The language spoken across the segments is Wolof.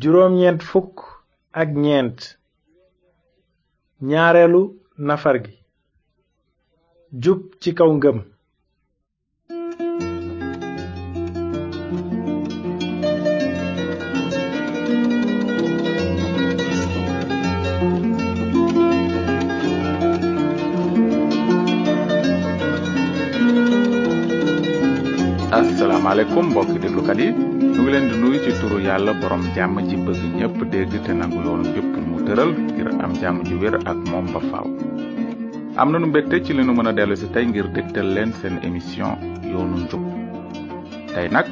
juróom-ñeent fukk ak ñeent ñaareelu nafar gi jub ci kaw ngëm asalaamaaleykum mbokki déglukat yi ñu ngi leen di nuyu ci turu yàlla borom jàmm ji bëgg ñépp dégg te nangu yoonu yépp mu tëral ngir am jàmm ji wér ak moom ba faaw. am nañu mbégte ci li nu mën a dellu tey ngir dégtal leen seen émission yoonu njub tey nag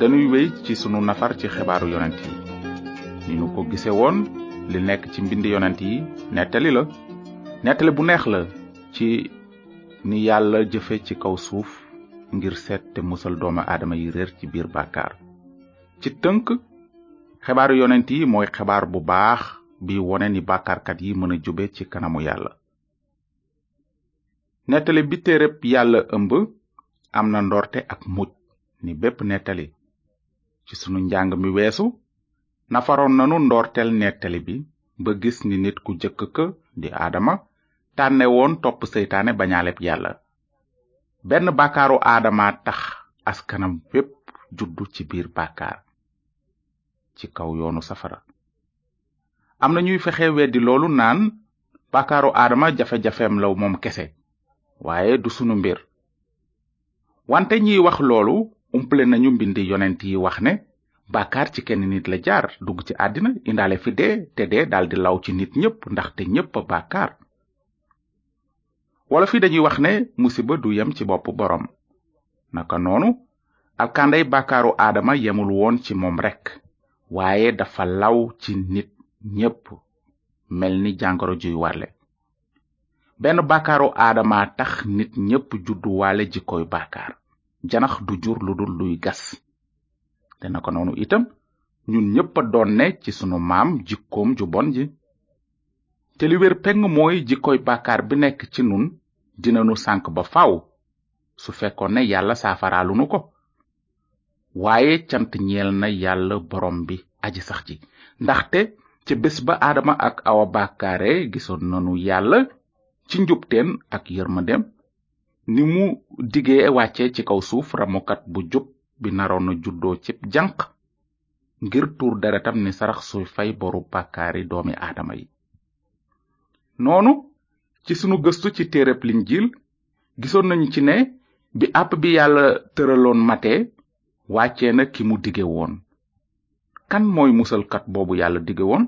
dañuy wéy ci sunu nafar ci xibaaru yonent yi ni ñu ko gise woon li nekk ci mbind yonent yi nettali la nettali bu neex la ci ni yàlla jëfe ci kaw suuf ngir seet te musal doomu aadama yi réer ci biir bàkkaar ci tënk xibaaru yonent yi mooy xibaar bu baax bi wone ni bàkkaarkat yi mën a jube ci kanamu yàlla nettali bi téereb yàlla ëmb am na ndorte ak mujj ni bépp nettali ci sunu njàng mi weesu nafaroon nanu ndorteel nettali bi ba gis ni nit ku jëkk ka di aadama tànne woon topp seytaane bañaaleb yàlla benn bàkkaaru aadama tax askanam bépp juddu ci biir bàkkaar ci kaw yoonu safara am na ñuy fexe weddi loolu naan bàkkaaru aadama jafe-jafeem law moom kese waaye du sunu mbir wante ñiy wax loolu umple nañu mbind yonent yi wax ne bàkkaar ci kenn nit la jaar dugg ci àddina indaale fi dee te dee daldi law ci nit ñépp ndaxte ñépp a bàkkaar wala fi dañuy wax ne musiba du yem ci boppu boroom naka noonu alkaanday bàkkaaru aadama yemul woon ci moom rekk waaye dafa law ci nit ñépp mel ni jàngoro juy walle benn bàkkaaru aadama tax nit ñépp judduwaale jikkoy bàkkaar janax du jur lu dul luy gas te naka noonu itam ñun ñépp a ci sunu maam jikkoom ju bon ji te li wér peng mooy jikkoy bàkkaar bi nekk ci nun dinanu sànk ba faw su fekkoon ne yàlla saafaraalunu ko waaye cant ñeel na yàlla borom bi aji sax ji ndaxte ca bés ba aadama ak awa bàkkaare gisoon nanu yàlla ci njubteem ak yërmandeem ni mu digee wàcce ci kaw suuf ramukat bu jub bi naroon na juddoo cib janq ngir tuur deretam ni sarax su fay boru bàkkaari doomi aadama yi noonu ci sunu gëstu ci téereb linjiil gisoon nañu ci ne bi àpp bi yàlla tëraloon mate wàccee na ki mu dige woon kan mooy musalkat boobu yàlla digge woon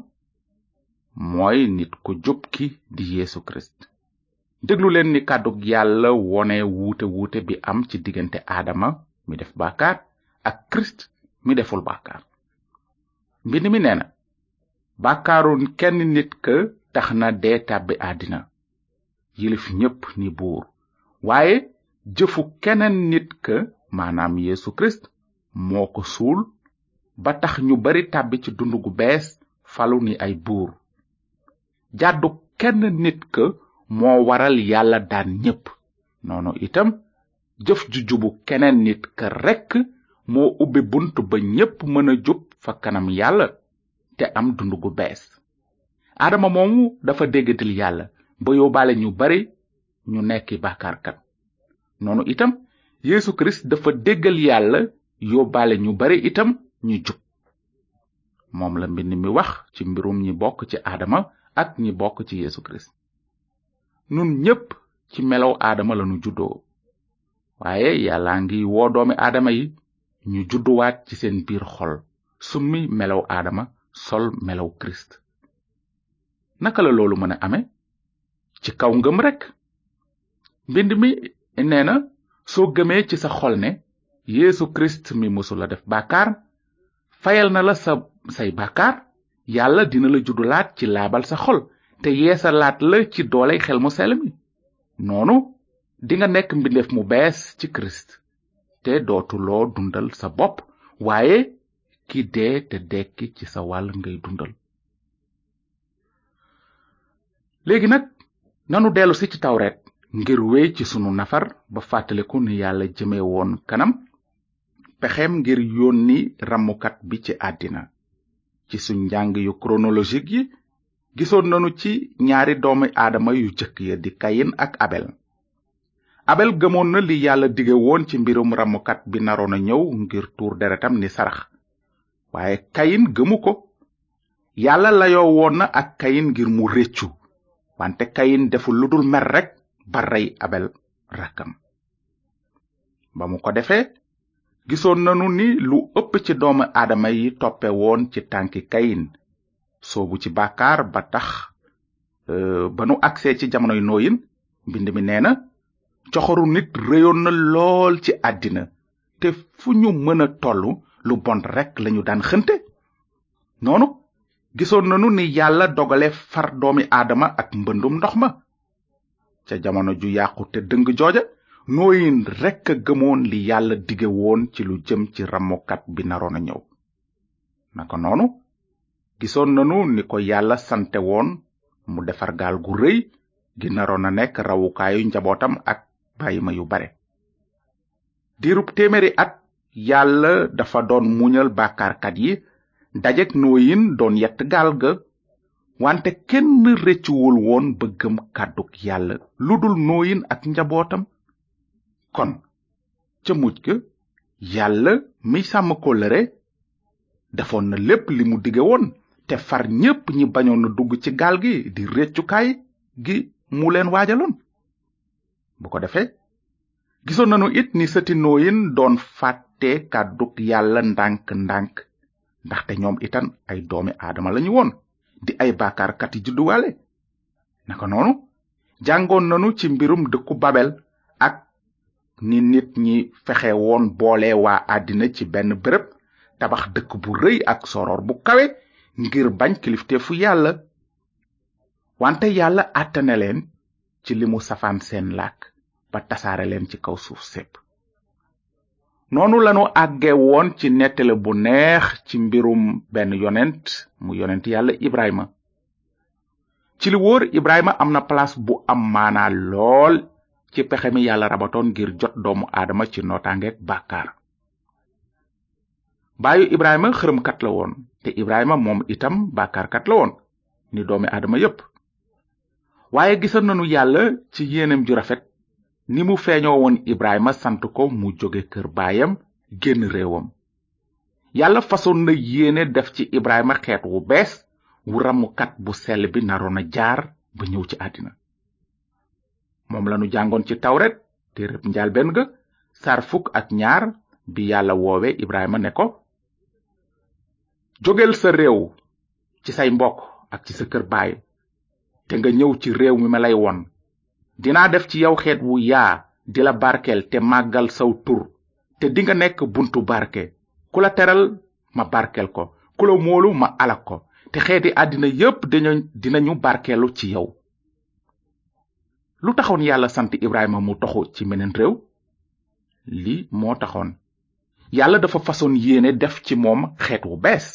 mooy nit ku jub ki di yeesu kirist déglu leen ni kàddug yàlla wone wuute wuute bi am ci diggante aadama mi def bàkkaar ak kirist mi deful bàkkaar mbind mi nee na bàkkaaru kenn nit ka tax na dee tàbbi àddina yilif ñépp ni buur waaye jëfu keneen nit ka maanaam yeesu kirist moo ko suul ba tax ñu bari tàbbi ci dund gu bees falu ni ay buur jàddu kenn nit ka moo waral yàlla daan ñépp noonu itam jëf ju jubu keneen nit ka rekk moo ubbi bunt ba ñépp mën a jub fa kanam yàlla te am dund gu bees aadama moomu dafa déggadil yàlla ba yóbbaale ñu bari ñu nekki bàkkaarkat noonu itam Yesu Kirist dafa déggal yàlla yóbbaale ñu bari itam ñu jub moom la mbind mi wax ci mbirum ñi bokk ci aadama ak ñi bokk ci Yesu Kirist nun ñépp ci melow aadama lanu juddoo waaye yàlla ngi woo doomi aadama yi ñu judduwaat ci seen biir xol summi melow aadama sol melow Kirist naka la loolu mën a amee ci kaw ngëm rekk mbind mi nee na soo gëmee ci sa xol ne yéesu kirist mi mësula def bàkkaar fayal na la sa say bàkkaar yàlla dina la juddulaat ci laabal sa xol te yeesalaat la ci dooley xel mu sell mi noonu dinga nekk mbindeef mu bees ci kirist te dootuloo dundal sa bopp waaye ki dee te dekki ci sa wàll ngay dundal léegi nag nanu dellusi si ci tawret ngir wéy ci sunu nafar ba fàttaliku ni yàlla jëme woon kanam pexem ngir yónni rammukat bi ci àddina ci suñ njàng yu chronologique yi gisoon nanu ci ñaari doomi aadama yu jëkk ya di kayin ak abel abel gëmoon na li yàlla dige woon ci mbirum ramukat bi naroona ñëw ngir tuur deretam ni sarax waaye kayin gëmu ko yàlla layoo woon na ak kayin ngir mu réccu wante kayin deful lu dul mer rekk ba rey abel rakkam ba mu ko defee gisoon nu ni lu ëpp ci doomu aadama yi toppe woon ci tànki kayin soobu ci bàkkaar ba tax euh, ba nu agsee ci jamonoy nooyin mbind mi nee na coxoru nit réyoon lool ci àddina te fu ñu mën a tollu lu bon rekk lañu daan xënte noonu gisoon nanu ni yàlla dogale far doomi aadama ak mbëndum ndox ma ca jamono ju yàqu te dëng jooja nooyin rekk a gëmoon li yàlla dige woon ci lu jëm ci ramukat bi naroon a ñëw naka noonu gisoon nanu ni ko yàlla sante woon mu defar gaal gu rëy gi naroon a nekk rawukaayu njabootam ak bàyyima yu bare diirub téeméeri at yàlla dafa doon muñal bàkkaarkat yi dajek nooyin doon yett gaal ga wante kenn rëccuwul woon bëggam kàdduk yàlla lu dul nooyin ak njabootam kon ca mujj ga yàlla mi sàmm kóllëre defoon na lépp li mu dige woon te far ñépp ñi bañoon na dugg ci gaal gi di rëccukaay gi mu leen waajaloon bu ko defee gisoon nanu it ni sëti nooyin doon fàtte kàdduk yàlla ndànk ndànk ndaxte ñoom itam ay doomi aadama lañu woon di ay bàkkaarkat yi judduwaale naka noonu jàngoon nanu ci mbirum dëkku babel ak ni nit ñi fexe woon boole waa àddina ci benn béréb tabax dëkk bu rëy ak soror bu kawe ngir bañ fu yàlla wante yàlla àttane leen ci limu safaan seen làkk ba tasaare leen ci kaw suuf sépp noonu lanu àgge woon ci nettale bu neex ci mbirum benn yonent mu yonent yàlla ibrahima ci li wóor ibrahima am na place bu am maanaa lool ci pexe mi yàlla rabatoon ngir jot doomu aadama ci nootaangeeg bàkkaar baayu ibrahima xërëmkat la woon te ibrahima moom itam bàkkaarkat la woon ni doomi aadama yépp waaye gisoon nanu yàlla ci yéenem ju rafet ni mu feeñoo woon Ibrahima sant ko mu jóge kër baayam génn réewam yàlla fasoon na yéene def ci Ibrahima xeet wu bees wu ramukat bu sel bi naroon a jaar ba ñëw ci àddina moom lanu jàngoon ci tawret téereb njàlbéen ga saar fukk ak ñaar bi yàlla woowe Ibrahima ne ko jógeel sa réew ci say mbokk ak ci sa kër baay te nga ñëw ci réew mi ma lay won dinaa def ci yow xeet wu yaa di la barkel te màggal saw tur te dinga nekk buntu barke ku la teral ma barkel ko ku la moolu ma alak ko te xeeti àddina yépp dañu dinañu barkeelu ci yow lu taxoon yàlla sant ibrahima mu taxu ci meneen réew lii moo taxoon yàlla dafa façon yéene def ci moom xeet wu bees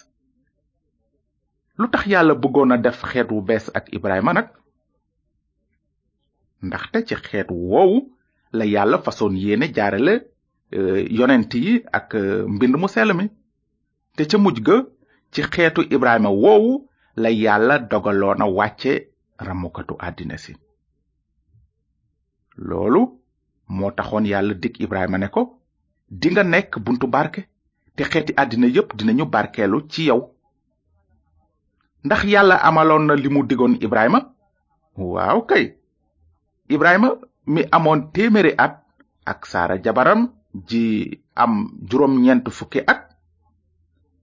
lu tax yàlla bëggoon a def xeet wu bees ak ibrahima nag ndaxte ci xeet woowu la yàlla façon yéene jaarale euh, yonent yi ak euh, mbind mu sell te ca muj ga ci xeetu Ibrahima woowu la yàlla dogaloon a wàcce ramukatu àddina si loolu moo taxoon yàlla dig Ibrahima ne ko dinga nekk buntu barke te xeeti àddina yépp dinañu barkeelu ci yow ndax yàlla amaloon na li digoon Ibrahima waaw kay ibrahima mi amoon téeméeri at ak saara jabaram ji am juróom ñeent fukki at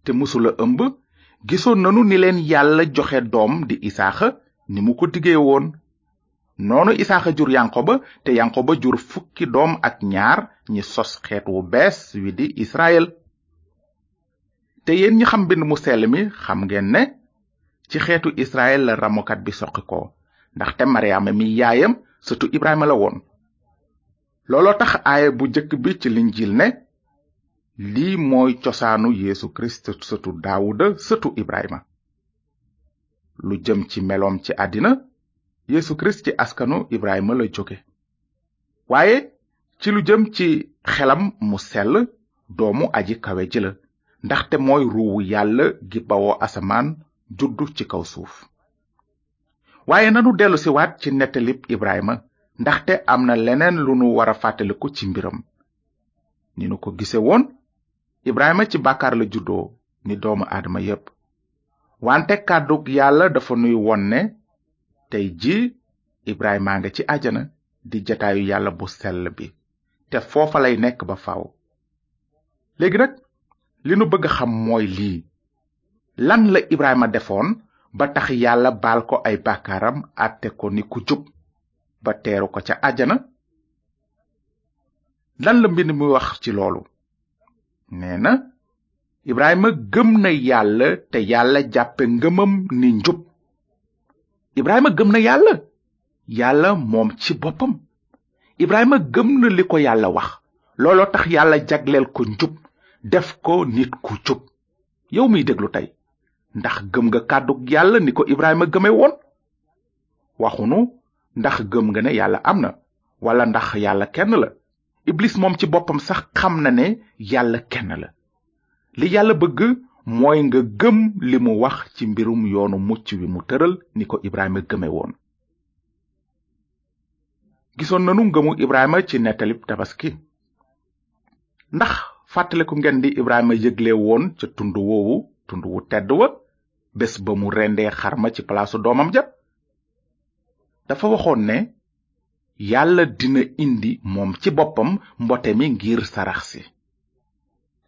te musula ëmb gisoon nanu ni leen yàlla joxe doom di isaaxa ni mu ko diggee woon noonu isaaxa jur yankoba te yankoba jur fukki doom ak ñaar ñi sos xeet wu bees wi di israel te yéen ñi xam mbind mu sell mi xam ngeen ne ci xeetu israel la ramokat bi soqi ko ndaxte maryaama mi yaayam sëtu Ibrahima la woon looloo tax aaya bu jëkk bi ci linjiil ne lii mooy cosaanu Yeesu Kirist sëtu Daawuda sëtu Ibrahima lu jëm ci meloom ci àddina Yeesu Kirist ci askanu Ibrahima la jóge waaye ci lu jëm ci xelam mu sell doomu aji kawe ji ndaxte mooy ruuwu yàlla gi bawoo asamaan juddu ci kaw suuf waaye nanu dellu siwaat ci nettalib ibrahima ndaxte am na leneen lu nu war a fàttaliku ci mbiram ni nu ko gise woon ibrahima ci bàkkaar la juddoo ni doomu aadama yépp wante kàddug yàlla dafa nuy won ne tey ji ibrahima nga ci àjjana di jataayu yàlla bu sell bi te foofa lay nekk ba faw léegi nag li nu bëgg xam mooy lii lan la ibrahima defoon ba tax yàlla baal ko ay bàkkaaram àtte ko ni ku jub ba teeru ko ca àjjana lan la mbinn mi wax ci loolu nee na ibrahima gëm na yàlla te yàlla jàppe ngëmam ni njub ibrahima gëm na yàlla yàlla moom ci boppam ibrahima gëm na li ko yàlla wax looloo tax yàlla jagleel ko njub def ko nit ku jub yow miy déglu tey ndax gëm nga kàddug yàlla ni ko ibrahima gëme woon waxunu ndax gëm nga ne yàlla am na walla ndax yàlla kenn la iblis moom ci boppam sax xam na ne yàlla kenn la li yàlla bëgg mooy nga gëm li mu wax ci mbirum yoonu mucc wi mu tëral ni ko ibrahima gëme woon gisoon nanu ngëmu ibrahima ci nettalib tabaski ndax ku ngeen di ibrahima yëgle woon ca tund woowu tund wu tedd wa bés ba mu rendee xarma ci palaasu doomam ja dafa waxoon ne yàlla dina indi moom ci boppam mbote mi ngir sarax si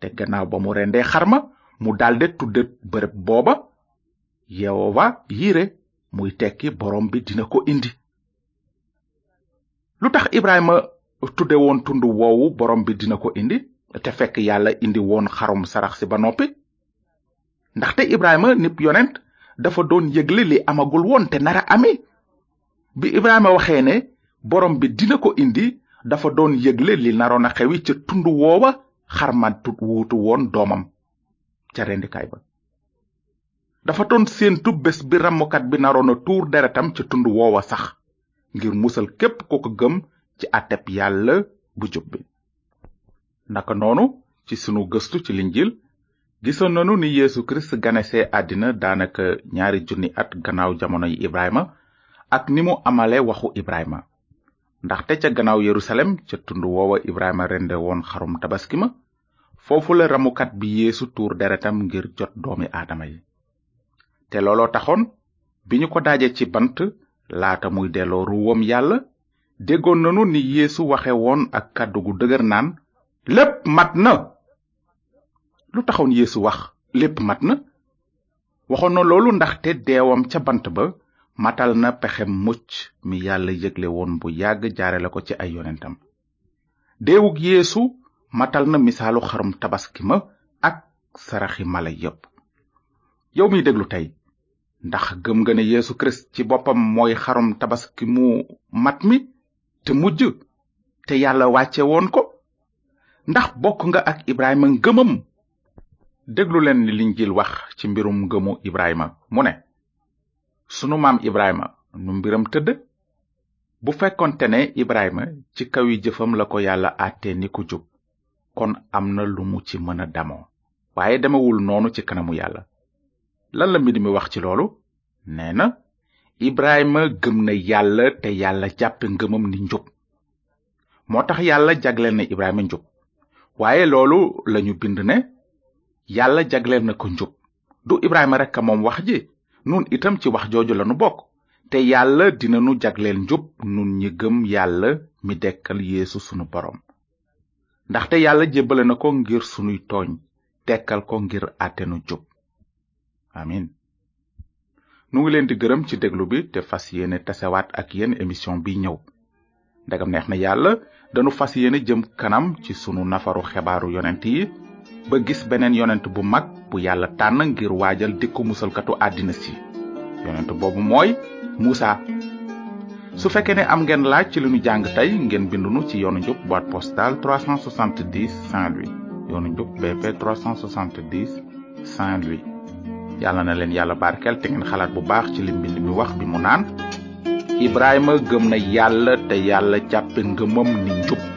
te gannaaw ba mu rendee xarma mu dalde tudde bërëb booba yewowa yiire muy tekki borom bi dina ko indi lu tax ibrahima tudde woon tund woowu borom bi dina ko indi te fekk yàlla indi woon xarum sarax si ba noppi ndaxte Ibrahima nib yonent dafa doon yëgle li amagul woon te nara ame bi Ibrahima waxee ne borom bi dina ko indi dafa doon yëgle li naroon a xewi ca tund woowa xarmatut wuutu woon doomam ca rendikaay ba dafa doon séentu bés bi ramukat bi naroon a tuur deretam ca tund woowa sax ngir musal képp ko ko gëm ci àtteb yàlla bu jub ndaka noonu ci sunu gëstu ci linjil gisoon nanu ni yéesu kirist ganese àddina daanaka ñaari junni at gannaaw jamonoy ibrahima ak ni mu amale waxu ibrahima ndaxte ca gannaaw yerusalem ca tund woowa ibrahima rende woon xarum tabaski ma foofu la ramukat bi yéesu tuur deretam ngir jot doomi aadama yi te looloo taxoon bi ñu ko daaje ci bant laata muy delloo ruwam yàlla déggoon nanu ni yéesu waxe woon ak kàddu gu dëgër naan lépp mat na lu taxoon yéesu wax lépp mat na waxoon na loolu te deewam ca bant ba matal na pexem mucc mi yàlla yëgle woon bu yàgg jaare ko ci ay yonentam deewug yéesu matal na misaalu xarum tabaski ma ak saraxi mala yépp yow miy déglu tey ndax gëm nga ne yeesu kirist ci boppam mooy xarum tabaski mu mat mi te mujj te yàlla wàcce woon ko ndax bokk nga ak ibrahima ngëmam déglu leen li linjiil wax ci mbirum ngëmu ibrahima mu ne sunu maam ibrahima nu mbiram tëdd bu fekkonte ne ibrahima ci kaw yi jëfam la ko yàlla àtte ni ku jub kon am na lu mu ci mën a damoo waaye demewul noonu ci kanamu yàlla lan la mbind mi wax ci loolu nee na ibrahima gëm na yàlla te yàlla jàppe ngëmam ni njub moo tax yàlla jagleel na ibrahima njub waaye loolu lañu bind ne yàlla jagleel na ko njub du ibrahima rek a moom wax ji nun itam ci wax jooju lanu bokk te yàlla dina nu jagleel njub nun ñi gëm yàlla mi dekkal yéesu sunu boroom ndaxte yàlla jébbale na ko ngir sunuy tooñ tekkal ko ngir àttenu jub amin nu ngi leen di gërëm ci déglu bi te fas yéene tasewaat ak yéen émission bi ñëw ndegam neex na yàlla danu fas yéene jëm kanam ci sunu nafaru xebaaru yonent yi ba gis beneen yonent bu mag bu yàlla tànn ngir waajal dikku musalkatu àddina si yonent boobu mooy Muusa su fekkee ne am ngeen laaj ci lu ñu jàng tey ngeen bindunu ci yoonu njub boîte postale 370 Saint-Louis yoonu njub BP 370 Saint-Louis yàlla na leen yàlla barkeel te ngeen xalaat bu baax ci li mbind mi wax bi mu naan Ibrahima gëm na yàlla te yàlla jàppe ngëmam ni njub